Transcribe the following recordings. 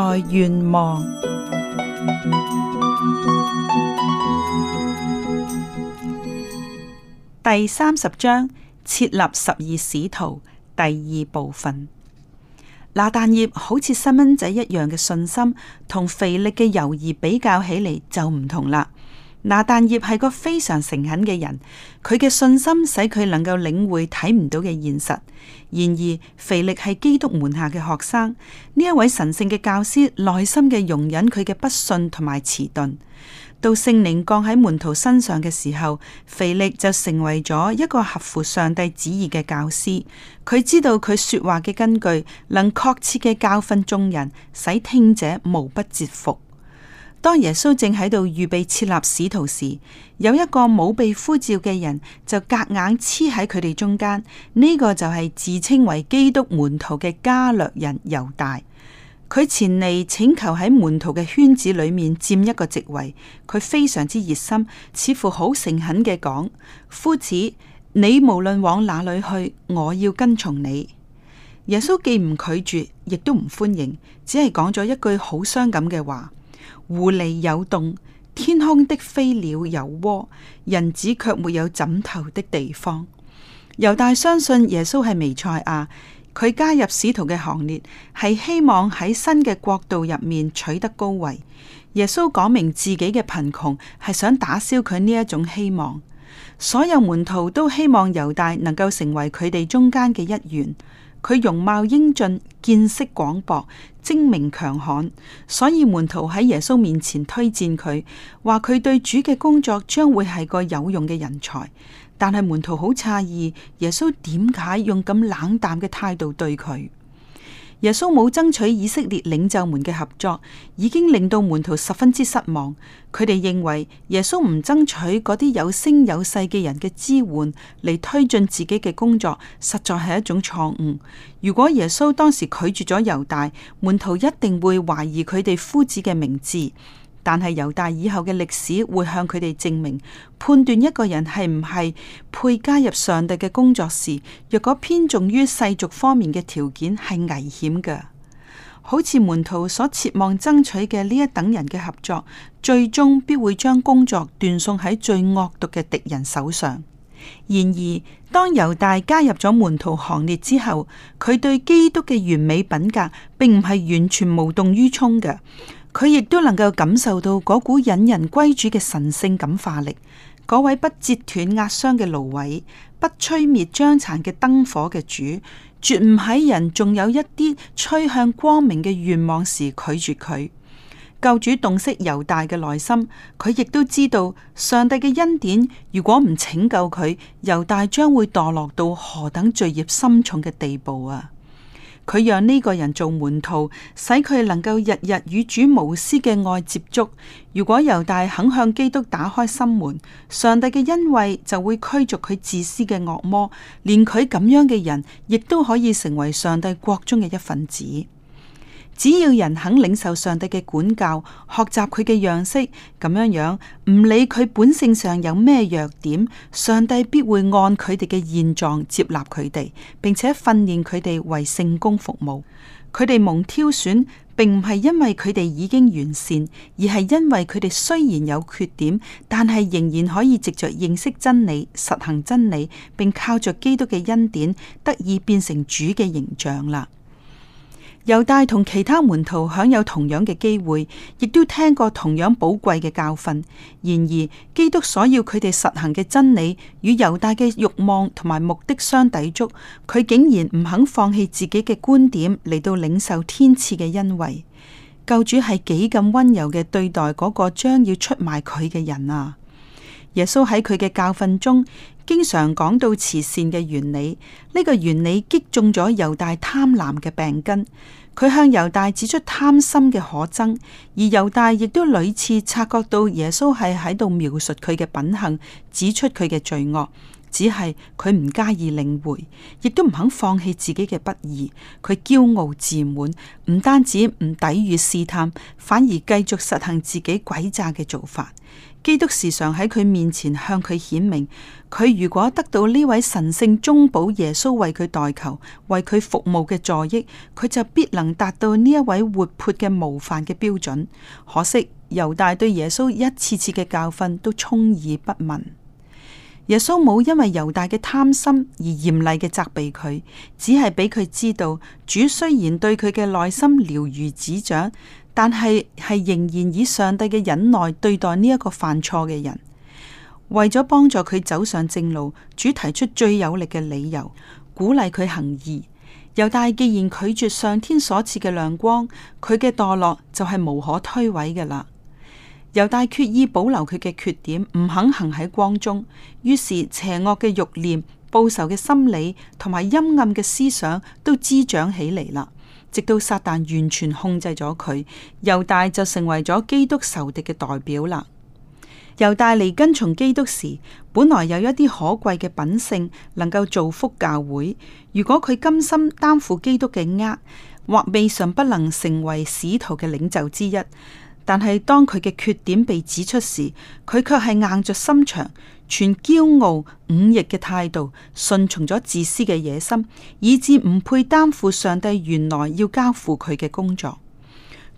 在願望第三十章設立十二使徒第二部分，那但葉好似細蚊仔一樣嘅信心，同肥力嘅猶疑比較起嚟就唔同啦。拿但業係個非常誠懇嘅人，佢嘅信心使佢能夠領會睇唔到嘅現實。然而，腓力係基督門下嘅學生，呢一位神聖嘅教師內心嘅容忍佢嘅不信同埋遲鈍。到聖靈降喺門徒身上嘅時候，腓力就成為咗一個合乎上帝旨意嘅教師。佢知道佢說話嘅根據，能確切嘅教訓眾人，使聽者無不折服。當耶穌正喺度預備設立使徒時，有一個冇被呼召嘅人就夾硬黐喺佢哋中間。呢個就係自稱為基督門徒嘅加略人猶大。佢前嚟請求喺門徒嘅圈子裏面佔一個席位。佢非常之熱心，似乎好誠懇嘅講：「夫子，你無論往哪裏去，我要跟從你。」耶穌既唔拒絕，亦都唔歡迎，只係講咗一句好傷感嘅話。狐狸有洞，天空的飛鳥有窩，人子卻沒有枕頭的地方。猶大相信耶穌係彌賽亞，佢加入使徒嘅行列，係希望喺新嘅國度入面取得高位。耶穌講明自己嘅貧窮，係想打消佢呢一種希望。所有門徒都希望猶大能夠成為佢哋中間嘅一員。佢容貌英俊，見識廣博，精明強悍，所以門徒喺耶穌面前推薦佢，話佢對主嘅工作將會係個有用嘅人才。但係門徒好詫異，耶穌點解用咁冷淡嘅態度對佢？耶穌冇爭取以色列領袖們嘅合作，已經令到門徒十分之失望。佢哋認為耶穌唔爭取嗰啲有聲有勢嘅人嘅支援嚟推進自己嘅工作，實在係一種錯誤。如果耶穌當時拒絕咗猶大，門徒一定會懷疑佢哋夫子嘅名字。但係猶大以後嘅歷史會向佢哋證明，判斷一個人係唔係配加入上帝嘅工作時，若果偏重於世俗方面嘅條件係危險嘅。好似門徒所設望爭取嘅呢一等人嘅合作，最終必會將工作斷送喺最惡毒嘅敵人手上。然而，當猶大加入咗門徒行列之後，佢對基督嘅完美品格，並唔係完全無動於衷嘅。佢亦都能夠感受到嗰股引人歸主嘅神聖感化力，嗰位不折斷壓傷嘅蘆葦，不吹滅將殘嘅燈火嘅主，絕唔喺人仲有一啲吹向光明嘅願望時拒絕佢。救主洞悉猶大嘅內心，佢亦都知道上帝嘅恩典如果唔拯救佢，猶大將會墮落到何等罪孽深重嘅地步啊！佢讓呢個人做門徒，使佢能夠日日與主無私嘅愛接觸。如果猶大肯向基督打開心門，上帝嘅恩惠就會驅逐佢自私嘅惡魔，連佢咁樣嘅人，亦都可以成為上帝國中嘅一份子。只要人肯領受上帝嘅管教，學習佢嘅樣式，咁樣樣，唔理佢本性上有咩弱點，上帝必會按佢哋嘅現狀接納佢哋，並且訓練佢哋為聖工服務。佢哋蒙挑選，並唔係因為佢哋已經完善，而係因為佢哋雖然有缺點，但係仍然可以藉着認識真理、實行真理，並靠着基督嘅恩典，得以變成主嘅形象啦。猶大同其他門徒享有同樣嘅機會，亦都聽過同樣寶貴嘅教訓。然而，基督所要佢哋實行嘅真理，與猶大嘅欲望同埋目的相抵觸。佢竟然唔肯放棄自己嘅觀點嚟到領受天賜嘅恩惠。救主係幾咁溫柔嘅對待嗰個將要出賣佢嘅人啊！耶穌喺佢嘅教訓中，經常講到慈善嘅原理。呢個原理擊中咗猶大貪婪嘅病根。佢向猶大指出貪心嘅可憎，而猶大亦都屢次察覺到耶穌係喺度描述佢嘅品行，指出佢嘅罪惡。只係佢唔加以領會，亦都唔肯放棄自己嘅不義。佢驕傲自滿，唔單止唔抵禦試探，反而繼續實行自己詭詐嘅做法。基督時常喺佢面前向佢顯明，佢如果得到呢位神聖中保耶穌為佢代求、為佢服務嘅助益，佢就必能達到呢一位活潑嘅模範嘅標準。可惜猶大對耶穌一次次嘅教訓都充耳不聞。耶穌冇因為猶大嘅貪心而嚴厲嘅責備佢，只係俾佢知道主雖然對佢嘅內心了如指掌。但係係仍然以上帝嘅忍耐對待呢一個犯錯嘅人，為咗幫助佢走上正路，主提出最有力嘅理由，鼓勵佢行義。猶大既然拒絕上天所賜嘅亮光，佢嘅墮落就係無可推諉㗎啦。猶大決意保留佢嘅缺點，唔肯行喺光中，於是邪惡嘅欲念、報仇嘅心理同埋陰暗嘅思想都滋長起嚟啦。直到撒旦完全控制咗佢，猶大就成為咗基督仇敵嘅代表啦。猶大嚟跟從基督時，本來有一啲可貴嘅品性，能夠造福教會。如果佢甘心擔負基督嘅軛，或未嘗不能成為使徒嘅領袖之一。但係當佢嘅缺點被指出時，佢卻係硬着心腸，全驕傲忤逆嘅態度，順從咗自私嘅野心，以致唔配擔負上帝原來要交付佢嘅工作。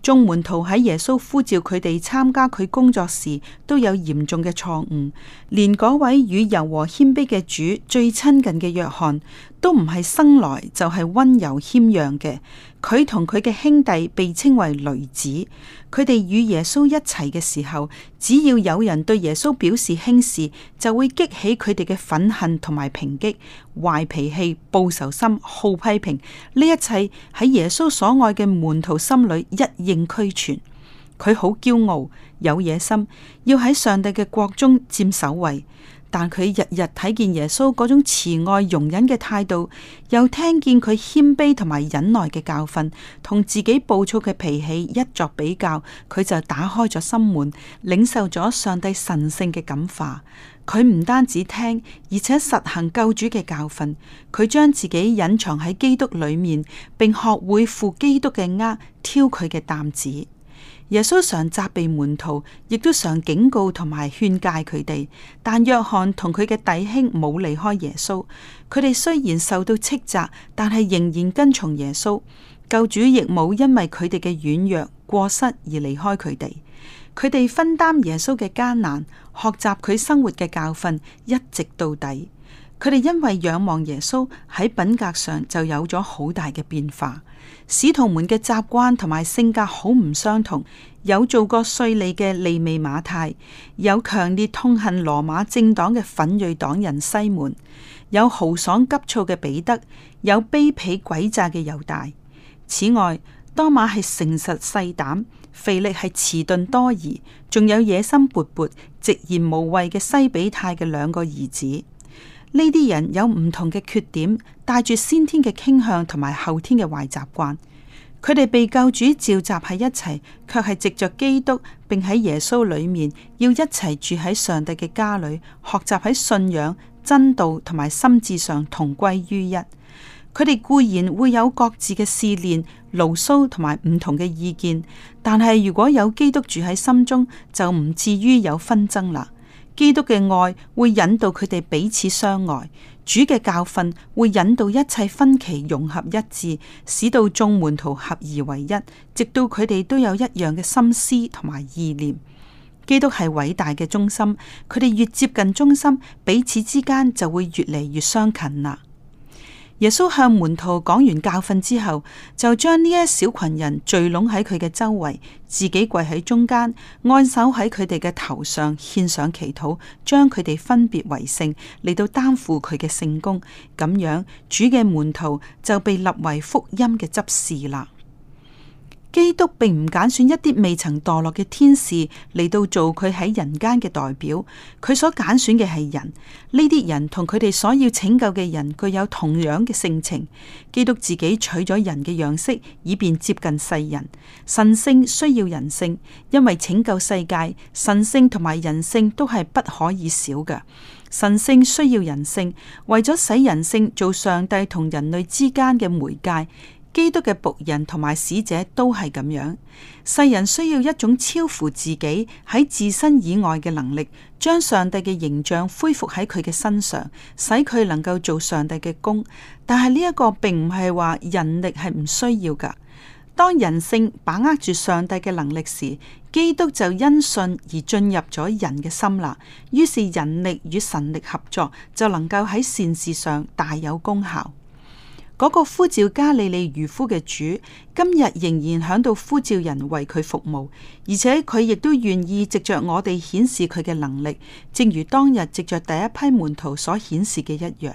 眾門徒喺耶穌呼召佢哋參加佢工作時，都有嚴重嘅錯誤。連嗰位與柔和謙卑嘅主最親近嘅約翰，都唔係生來就係、是、溫柔謙讓嘅。佢同佢嘅兄弟被稱為雷子，佢哋與耶穌一齊嘅時候，只要有人對耶穌表示輕視，就會激起佢哋嘅憤恨同埋抨擊，壞脾氣、報仇心、好批評，呢一切喺耶穌所愛嘅門徒心裏一應俱全。佢好驕傲，有野心，要喺上帝嘅國中佔首位。但佢日日睇見耶穌嗰種慈愛容忍嘅態度，又聽見佢謙卑同埋忍耐嘅教訓，同自己暴躁嘅脾氣一作比較，佢就打開咗心門，領受咗上帝神聖嘅感化。佢唔單止聽，而且實行救主嘅教訓。佢將自己隱藏喺基督裏面，並學會負基督嘅軛，挑佢嘅擔子。耶穌常責備門徒，亦都常警告同埋勸誡佢哋。但約翰同佢嘅弟兄冇離開耶穌，佢哋雖然受到斥責，但係仍然跟從耶穌。救主亦冇因為佢哋嘅軟弱過失而離開佢哋。佢哋分擔耶穌嘅艱難，學習佢生活嘅教訓，一直到底。佢哋因為仰望耶穌，喺品格上就有咗好大嘅變化。使徒們嘅習慣同埋性格好唔相同，有做過稅吏嘅利未馬太，有強烈痛恨羅馬政黨嘅奮銳黨人西門，有豪爽急躁嘅彼得，有卑鄙詭詐嘅猶大。此外，多馬係誠實細膽，腓力係遲鈍多疑，仲有野心勃勃、直言無畏嘅西庇太嘅兩個兒子。呢啲人有唔同嘅缺點，帶住先天嘅傾向同埋後天嘅壞習慣，佢哋被救主召集喺一齊，卻係藉着基督並喺耶穌裏面，要一齊住喺上帝嘅家裏，學習喺信仰、真道同埋心智上同歸於一。佢哋固然會有各自嘅試煉、牢騷同埋唔同嘅意見，但係如果有基督住喺心中，就唔至於有紛爭啦。基督嘅愛會引導佢哋彼此相愛，主嘅教訓會引導一切分歧融合一致，使到眾門徒合而為一，直到佢哋都有一樣嘅心思同埋意念。基督係偉大嘅中心，佢哋越接近中心，彼此之間就會越嚟越相近啦。耶穌向門徒講完教訓之後，就將呢一小群人聚攏喺佢嘅周圍，自己跪喺中間，按手喺佢哋嘅頭上，獻上祈禱，將佢哋分別為聖，嚟到擔負佢嘅聖工。咁樣，主嘅門徒就被立為福音嘅執事啦。基督並唔揀選一啲未曾墮落嘅天使嚟到做佢喺人間嘅代表，佢所揀選嘅係人。呢啲人同佢哋所要拯救嘅人具有同樣嘅性情。基督自己取咗人嘅樣式，以便接近世人。神性需要人性，因為拯救世界，神性同埋人性都係不可以少嘅。神性需要人性，為咗使人性做上帝同人類之間嘅媒介。基督嘅僕人同埋使者都係咁樣，世人需要一種超乎自己喺自身以外嘅能力，將上帝嘅形象恢復喺佢嘅身上，使佢能夠做上帝嘅功。但係呢一個並唔係話人力係唔需要噶。當人性把握住上帝嘅能力時，基督就因信而進入咗人嘅心啦。於是人力與神力合作，就能夠喺善事上大有功效。嗰個呼召加利利漁夫嘅主，今日仍然響度呼召人為佢服務，而且佢亦都願意藉着我哋顯示佢嘅能力，正如當日藉着第一批門徒所顯示嘅一樣。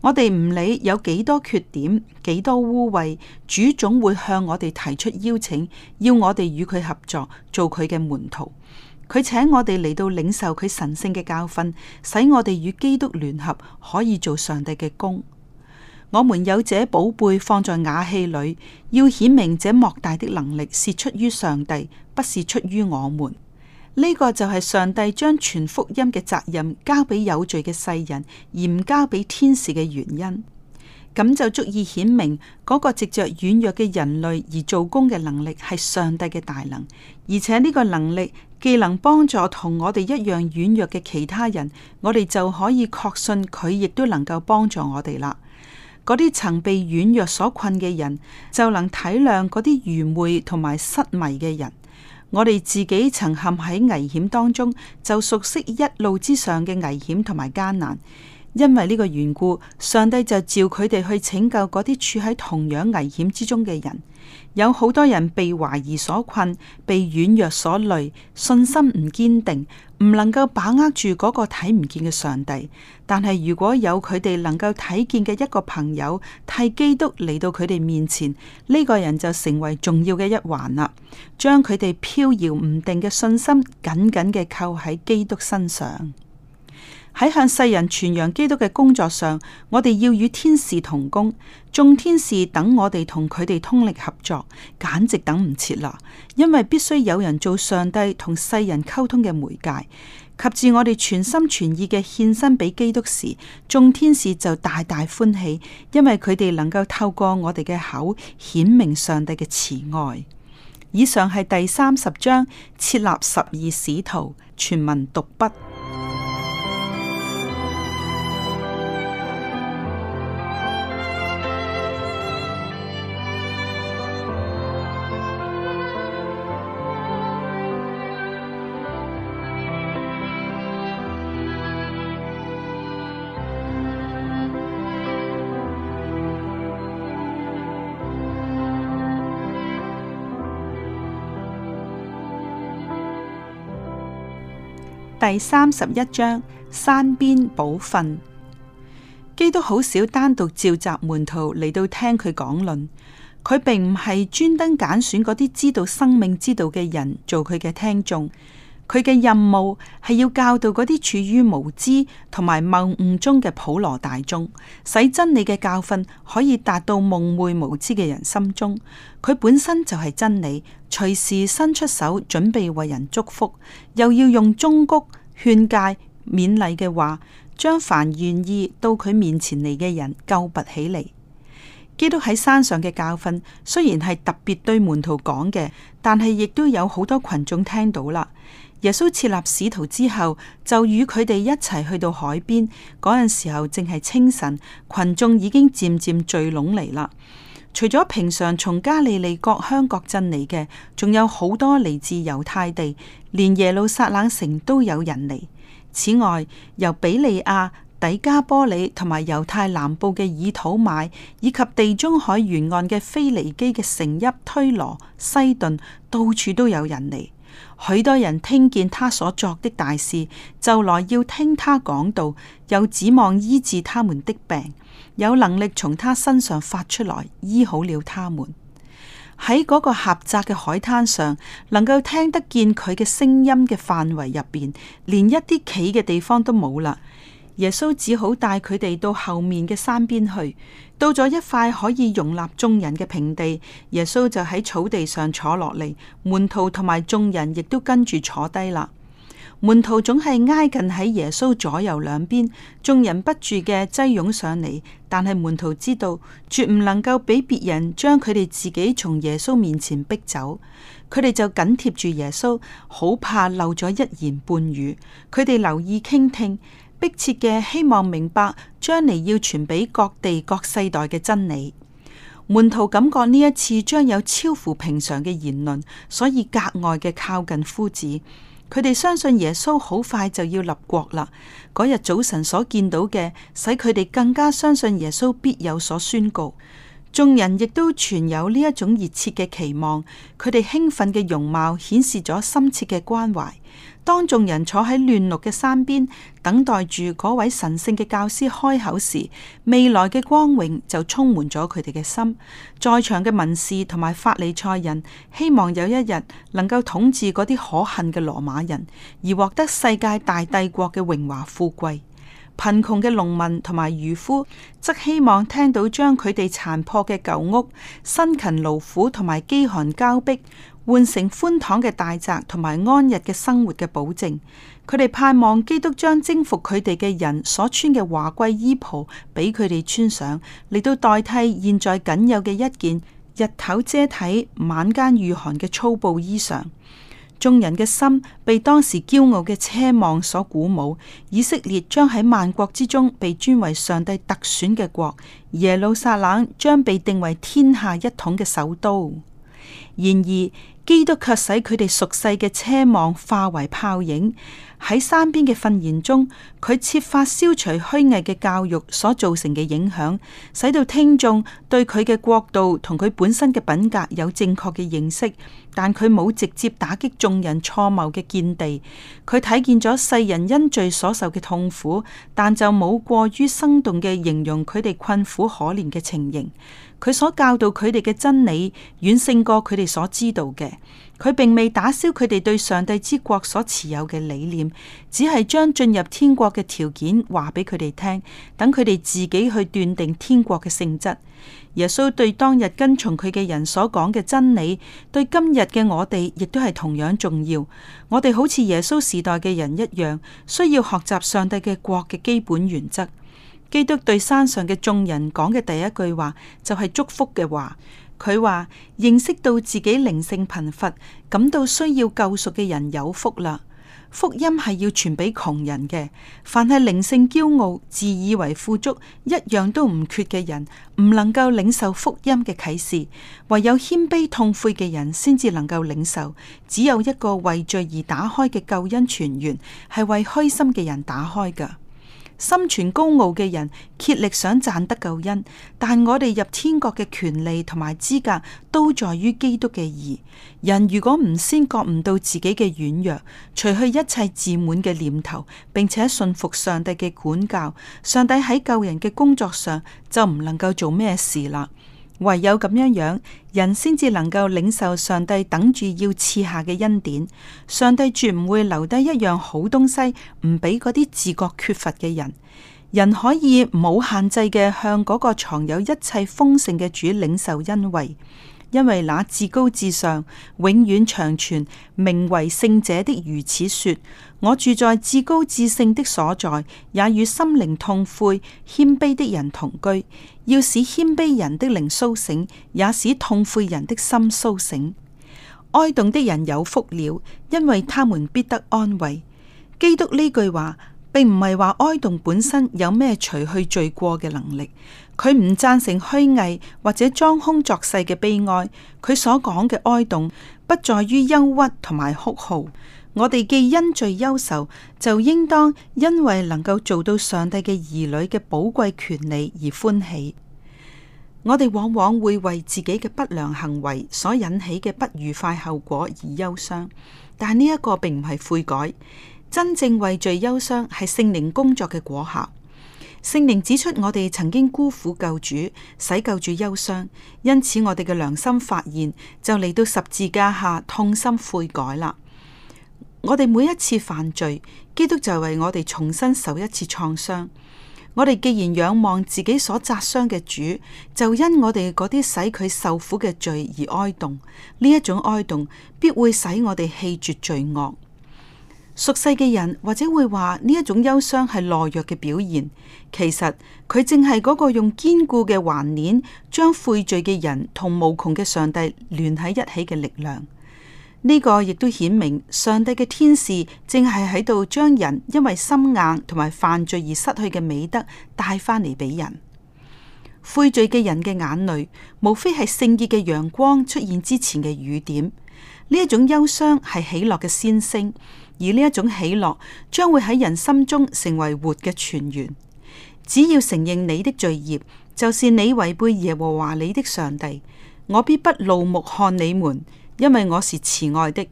我哋唔理有幾多缺點、幾多污穢，主總會向我哋提出邀請，要我哋與佢合作，做佢嘅門徒。佢請我哋嚟到領受佢神聖嘅教訓，使我哋與基督聯合，可以做上帝嘅工。我們有這寶貝放在瓦器裏，要顯明這莫大的能力是出於上帝，不是出於我們。呢、這個就係上帝將全福音嘅責任交俾有罪嘅世人，而唔交俾天使嘅原因。咁就足以顯明嗰、那個藉着軟弱嘅人類而做工嘅能力係上帝嘅大能，而且呢個能力既能幫助同我哋一樣軟弱嘅其他人，我哋就可以確信佢亦都能夠幫助我哋啦。嗰啲曾被軟弱所困嘅人，就能體諒嗰啲愚昧同埋失迷嘅人。我哋自己曾陷喺危險當中，就熟悉一路之上嘅危險同埋艱難。因為呢個緣故，上帝就召佢哋去拯救嗰啲處喺同樣危險之中嘅人。有好多人被懷疑所困，被軟弱所累，信心唔堅定，唔能夠把握住嗰個睇唔見嘅上帝。但係如果有佢哋能夠睇見嘅一個朋友替基督嚟到佢哋面前，呢、呢個人就成為重要嘅一環啦，將佢哋飄搖唔定嘅信心緊緊嘅扣喺基督身上。喺向世人傳揚基督嘅工作上，我哋要與天使同工。眾天使等我哋同佢哋通力合作，簡直等唔切啦。因為必須有人做上帝同世人溝通嘅媒介。及至我哋全心全意嘅獻身俾基督時，眾天使就大大歡喜，因為佢哋能夠透過我哋嘅口顯明上帝嘅慈愛。以上係第三十章設立十二使徒全文讀畢。第三十一章山邊寶訓，基督好少單獨召集門徒嚟到聽佢講論，佢並唔係專登揀選嗰啲知道生命之道嘅人做佢嘅聽眾，佢嘅任務係要教導嗰啲處於無知同埋謬誤中嘅普羅大眾，使真理嘅教訓可以達到蒙昧無知嘅人心中。佢本身就係真理，隨時伸出手準備為人祝福，又要用忠谷。勸誡勉勵嘅話，將凡願意到佢面前嚟嘅人救拔起嚟。基督喺山上嘅教訓雖然係特別對門徒講嘅，但係亦都有好多群眾聽到啦。耶穌設立使徒之後，就與佢哋一齊去到海邊。嗰陣時候正係清晨，群眾已經漸漸聚攏嚟啦。除咗平常從加利利各鄉各鎮嚟嘅，仲有好多嚟自猶太地，連耶路撒冷城都有人嚟。此外，由比利亞、底加波里同埋猶太南部嘅以土買，以及地中海沿岸嘅腓尼基嘅城邑推羅、西頓，到處都有人嚟。許多人聽見他所作的大事，就來要聽他講道，又指望醫治他們的病，有能力從他身上發出來，醫好了他們。喺嗰個狹窄嘅海灘上，能夠聽得見佢嘅聲音嘅範圍入邊，連一啲企嘅地方都冇啦。耶穌只好帶佢哋到後面嘅山邊去。到咗一塊可以容納眾人嘅平地，耶穌就喺草地上坐落嚟，門徒同埋眾人亦都跟住坐低啦。門徒總係挨近喺耶穌左右兩邊，眾人不住嘅擠擁上嚟，但係門徒知道絕唔能夠俾別人將佢哋自己從耶穌面前逼走，佢哋就緊貼住耶穌，好怕漏咗一言半語，佢哋留意傾聽。迫切嘅希望明白將嚟要傳俾各地各世代嘅真理，門徒感覺呢一次將有超乎平常嘅言論，所以格外嘅靠近夫子。佢哋相信耶穌好快就要立國啦。嗰日早晨所見到嘅，使佢哋更加相信耶穌必有所宣告。眾人亦都存有呢一種熱切嘅期望，佢哋興奮嘅容貌顯示咗深切嘅關懷。當眾人坐喺亂綠嘅山邊等待住嗰位神聖嘅教師開口時，未來嘅光榮就充滿咗佢哋嘅心。在場嘅文士同埋法利賽人希望有一日能夠統治嗰啲可恨嘅羅馬人，而獲得世界大帝國嘅榮華富貴。貧窮嘅農民同埋漁夫則希望聽到將佢哋殘破嘅舊屋、辛勤勞苦同埋飢寒交迫換成寬敞嘅大宅同埋安逸嘅生活嘅保證。佢哋盼望基督將征服佢哋嘅人所穿嘅華貴衣袍俾佢哋穿上，嚟到代替現在僅有嘅一件日頭遮體、晚間御寒嘅粗布衣裳。眾人嘅心被當時驕傲嘅奢望所鼓舞，以色列將喺萬國之中被尊為上帝特選嘅國，耶路撒冷將被定為天下一統嘅首都。然而，基督卻使佢哋熟悉嘅奢望化為泡影。喺山邊嘅訓言中，佢設法消除虛偽嘅教育所造成嘅影響，使到聽眾對佢嘅國度同佢本身嘅品格有正確嘅認識。但佢冇直接打擊眾人錯謬嘅見地。佢睇見咗世人因罪所受嘅痛苦，但就冇過於生動嘅形容佢哋困苦可憐嘅情形。佢所教導佢哋嘅真理，遠勝過佢哋所知道嘅。佢並未打消佢哋對上帝之國所持有嘅理念，只係將進入天國嘅條件話俾佢哋聽，等佢哋自己去斷定天國嘅性質。耶穌對當日跟從佢嘅人所講嘅真理，對今日嘅我哋亦都係同樣重要。我哋好似耶穌時代嘅人一樣，需要學習上帝嘅國嘅基本原則。基督對山上嘅眾人講嘅第一句話就係祝福嘅話。佢話認識到自己靈性貧乏，感到需要救贖嘅人有福啦。福音係要傳俾窮人嘅，凡係靈性驕傲、自以為富足、一樣都唔缺嘅人，唔能夠領受福音嘅啟示。唯有謙卑痛悔嘅人先至能夠領受。只有一個為罪而打開嘅救恩全，全源係為開心嘅人打開㗎。心存高傲嘅人竭力想賺得救恩，但我哋入天國嘅權利同埋資格都在於基督嘅義。人如果唔先覺唔到自己嘅軟弱，除去一切自滿嘅念頭，並且信服上帝嘅管教，上帝喺救人嘅工作上就唔能夠做咩事啦。唯有咁樣樣，人先至能夠領受上帝等住要賜下嘅恩典。上帝絕唔會留低一樣好東西，唔俾嗰啲自覺缺乏嘅人。人可以冇限制嘅向嗰個藏有一切豐盛嘅主領受恩惠。因為那至高至上、永遠長存、名為聖者的如此說：我住在至高至聖的所在，也與心靈痛悔、謙卑的人同居，要使謙卑人的靈蘇醒，也使痛悔人的心蘇醒。哀慟的人有福了，因為他們必得安慰。基督呢句話，並唔係話哀慟本身有咩除去罪過嘅能力。佢唔贊成虛偽或者裝腔作勢嘅悲哀，佢所講嘅哀慟不在於憂鬱同埋哭號。我哋既因罪憂愁，就應當因為能夠做到上帝嘅兒女嘅寶貴權利而歡喜。我哋往往會為自己嘅不良行為所引起嘅不愉快後果而憂傷，但呢一個並唔係悔改。真正為罪憂傷係聖靈工作嘅果效。聖靈指出，我哋曾經辜負救主，使救主憂傷，因此我哋嘅良心發現，就嚟到十字架下痛心悔改啦。我哋每一次犯罪，基督就為我哋重新受一次創傷。我哋既然仰望自己所扎傷嘅主，就因我哋嗰啲使佢受苦嘅罪而哀動，呢一種哀動必會使我哋棄絕罪惡。熟世嘅人或者會話，呢一種憂傷係懦弱嘅表現，其實佢正係嗰個用堅固嘅環鏈將悔罪嘅人同無窮嘅上帝聯喺一起嘅力量。呢個亦都顯明上帝嘅天使正係喺度將人因為心硬同埋犯罪而失去嘅美德帶翻嚟俾人。悔罪嘅人嘅眼淚，無非係聖潔嘅陽光出現之前嘅雨點。呢一種憂傷係喜樂嘅先聲。而呢一種喜樂將會喺人心中成為活嘅泉源。只要承認你的罪孽，就是你違背耶和華你的上帝，我必不怒目看你們，因為我是慈愛的，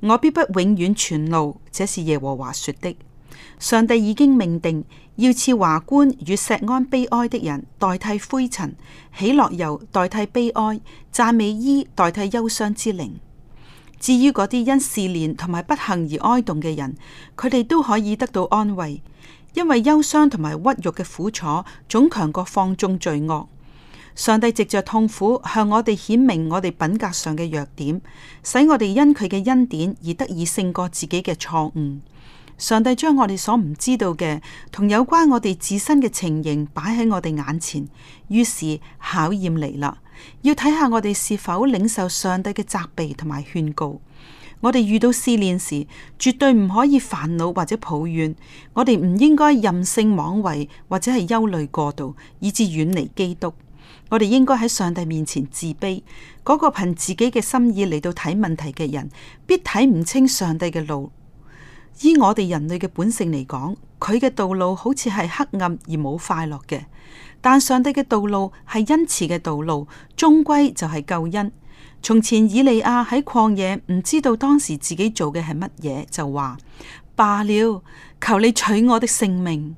我必不永遠存怒。這是耶和華說的。上帝已經命定要賜華冠與錫安悲哀的人，代替灰塵；喜樂油代替悲哀，讚美衣代替憂傷之靈。至於嗰啲因試煉同埋不幸而哀慟嘅人，佢哋都可以得到安慰，因為憂傷同埋屈辱嘅苦楚總強過放縱罪惡。上帝藉着痛苦向我哋顯明我哋品格上嘅弱點，使我哋因佢嘅恩典而得以勝過自己嘅錯誤。上帝將我哋所唔知道嘅，同有關我哋自身嘅情形擺喺我哋眼前，於是考驗嚟啦。要睇下我哋是否領受上帝嘅責備同埋勸告。我哋遇到試煉時，絕對唔可以煩惱或者抱怨。我哋唔應該任性妄為或者係憂慮過度，以致遠離基督。我哋應該喺上帝面前自卑。嗰個憑自己嘅心意嚟到睇問題嘅人，必睇唔清上帝嘅路。以我哋人類嘅本性嚟講，佢嘅道路好似係黑暗而冇快樂嘅。但上帝嘅道路係恩慈嘅道路，終歸就係救恩。從前以利亞喺曠野唔知道當時自己做嘅係乜嘢，就話罷了，求你取我的性命。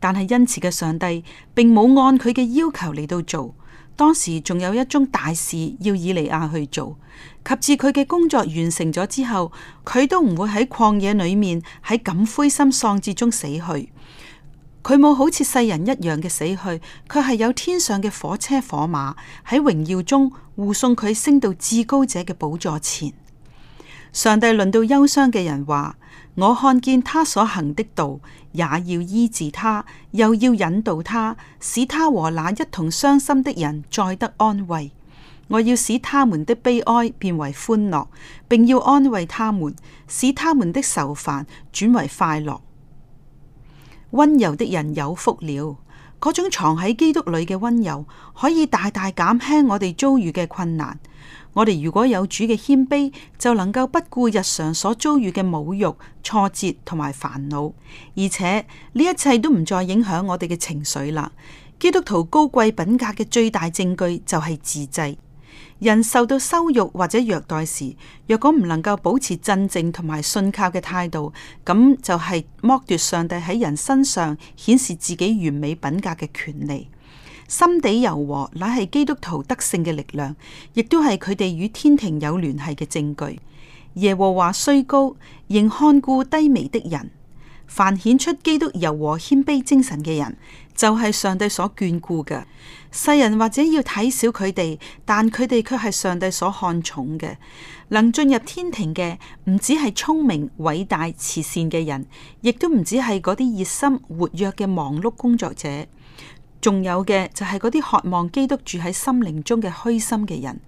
但係恩慈嘅上帝並冇按佢嘅要求嚟到做。當時仲有一宗大事要以利亞去做，及至佢嘅工作完成咗之後，佢都唔會喺曠野裏面喺咁灰心喪志中死去。佢冇好似世人一樣嘅死去，佢係有天上嘅火車火馬喺榮耀中護送佢升到至高者嘅寶座前。上帝輪到憂傷嘅人話：我看見他所行的道，也要醫治他，又要引導他，使他和那一同傷心的人再得安慰。我要使他們的悲哀變為歡樂，並要安慰他們，使他們的愁煩轉為快樂。溫柔的人有福了。嗰種藏喺基督裏嘅溫柔，可以大大減輕我哋遭遇嘅困難。我哋如果有主嘅謙卑，就能夠不顧日常所遭遇嘅侮辱、挫折同埋煩惱。而且呢，一切都唔再影響我哋嘅情緒啦。基督徒高貴品格嘅最大證據，就係自制。人受到羞辱或者虐待時，若果唔能夠保持鎮靜同埋信靠嘅態度，咁就係剝奪上帝喺人身上顯示自己完美品格嘅權利。心地柔和乃係基督徒得勝嘅力量，亦都係佢哋與天庭有聯繫嘅證據。耶和華雖高，仍看顧低微的人。凡顯出基督柔和謙卑精神嘅人，就係上帝所眷顧嘅，世人或者要睇小佢哋，但佢哋卻係上帝所看重嘅。能進入天庭嘅，唔止係聰明、偉大、慈善嘅人，亦都唔止係嗰啲熱心、活躍嘅忙碌工作者，仲有嘅就係嗰啲渴望基督住喺心靈中嘅虛心嘅人，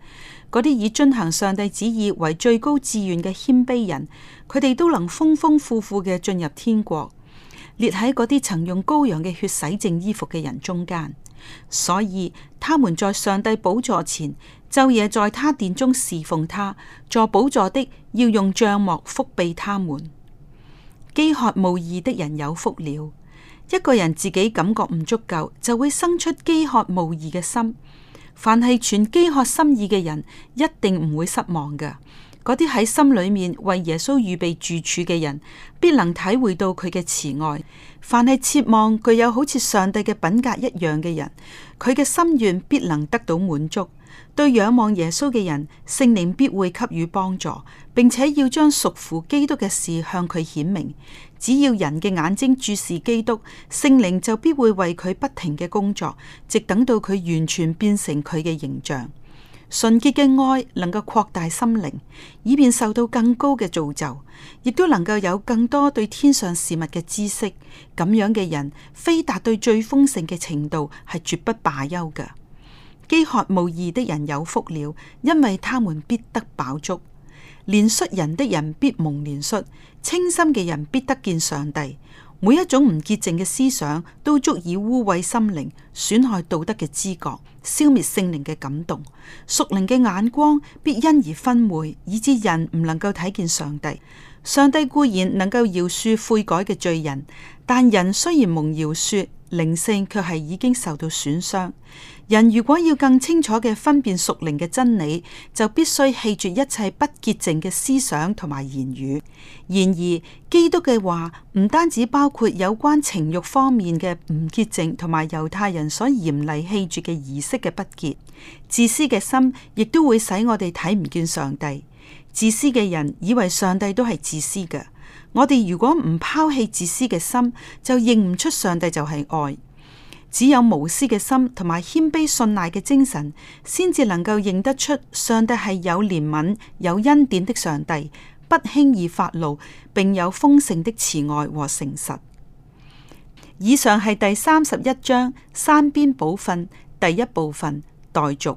嗰啲以遵行上帝旨意為最高志願嘅謙卑人，佢哋都能豐豐富富嘅進入天國。列喺嗰啲曾用羔羊嘅血洗淨衣服嘅人中間，所以他們在上帝寶座前，晝夜在他殿中侍奉他。坐寶座的要用帳幕覆庇他們。飢渴慕義的人有福了。一個人自己感覺唔足夠，就會生出飢渴慕義嘅心。凡係存飢渴心意嘅人，一定唔會失望㗎。嗰啲喺心裏面為耶穌預備住處嘅人，必能體會到佢嘅慈愛。凡係切望具有好似上帝嘅品格一樣嘅人，佢嘅心願必能得到滿足。對仰望耶穌嘅人，聖靈必會給予幫助，並且要將屬乎基督嘅事向佢顯明。只要人嘅眼睛注視基督，聖靈就必會為佢不停嘅工作，直等到佢完全變成佢嘅形象。純潔嘅愛能夠擴大心靈，以便受到更高嘅造就，亦都能夠有更多對天上事物嘅知識。咁樣嘅人，非達到最豐盛嘅程度，係絕不罷休嘅。饑渴慕義的人有福了，因為他們必得飽足。憐恤人的人必蒙憐恤，清心嘅人必得見上帝。每一種唔潔淨嘅思想，都足以污穢心靈，損害道德嘅知覺，消滅聖靈嘅感動。屬靈嘅眼光必因而昏昧，以致人唔能夠睇見上帝。上帝固然能夠饒恕悔改嘅罪人，但人雖然蒙饒恕。靈性卻係已經受到損傷。人如果要更清楚嘅分辨屬靈嘅真理，就必須棄絕一切不潔淨嘅思想同埋言語。然而，基督嘅話唔單止包括有關情慾方面嘅唔潔淨，同埋猶太人所嚴厲棄絕嘅儀式嘅不潔。自私嘅心亦都會使我哋睇唔見上帝。自私嘅人以為上帝都係自私嘅。我哋如果唔拋棄自私嘅心，就認唔出上帝就係愛。只有無私嘅心同埋謙卑、信賴嘅精神，先至能夠認得出上帝係有憐憫、有恩典的上帝，不輕易發怒，並有豐盛的慈愛和誠實。以上係第三十一章山邊寶訓第一部分待續。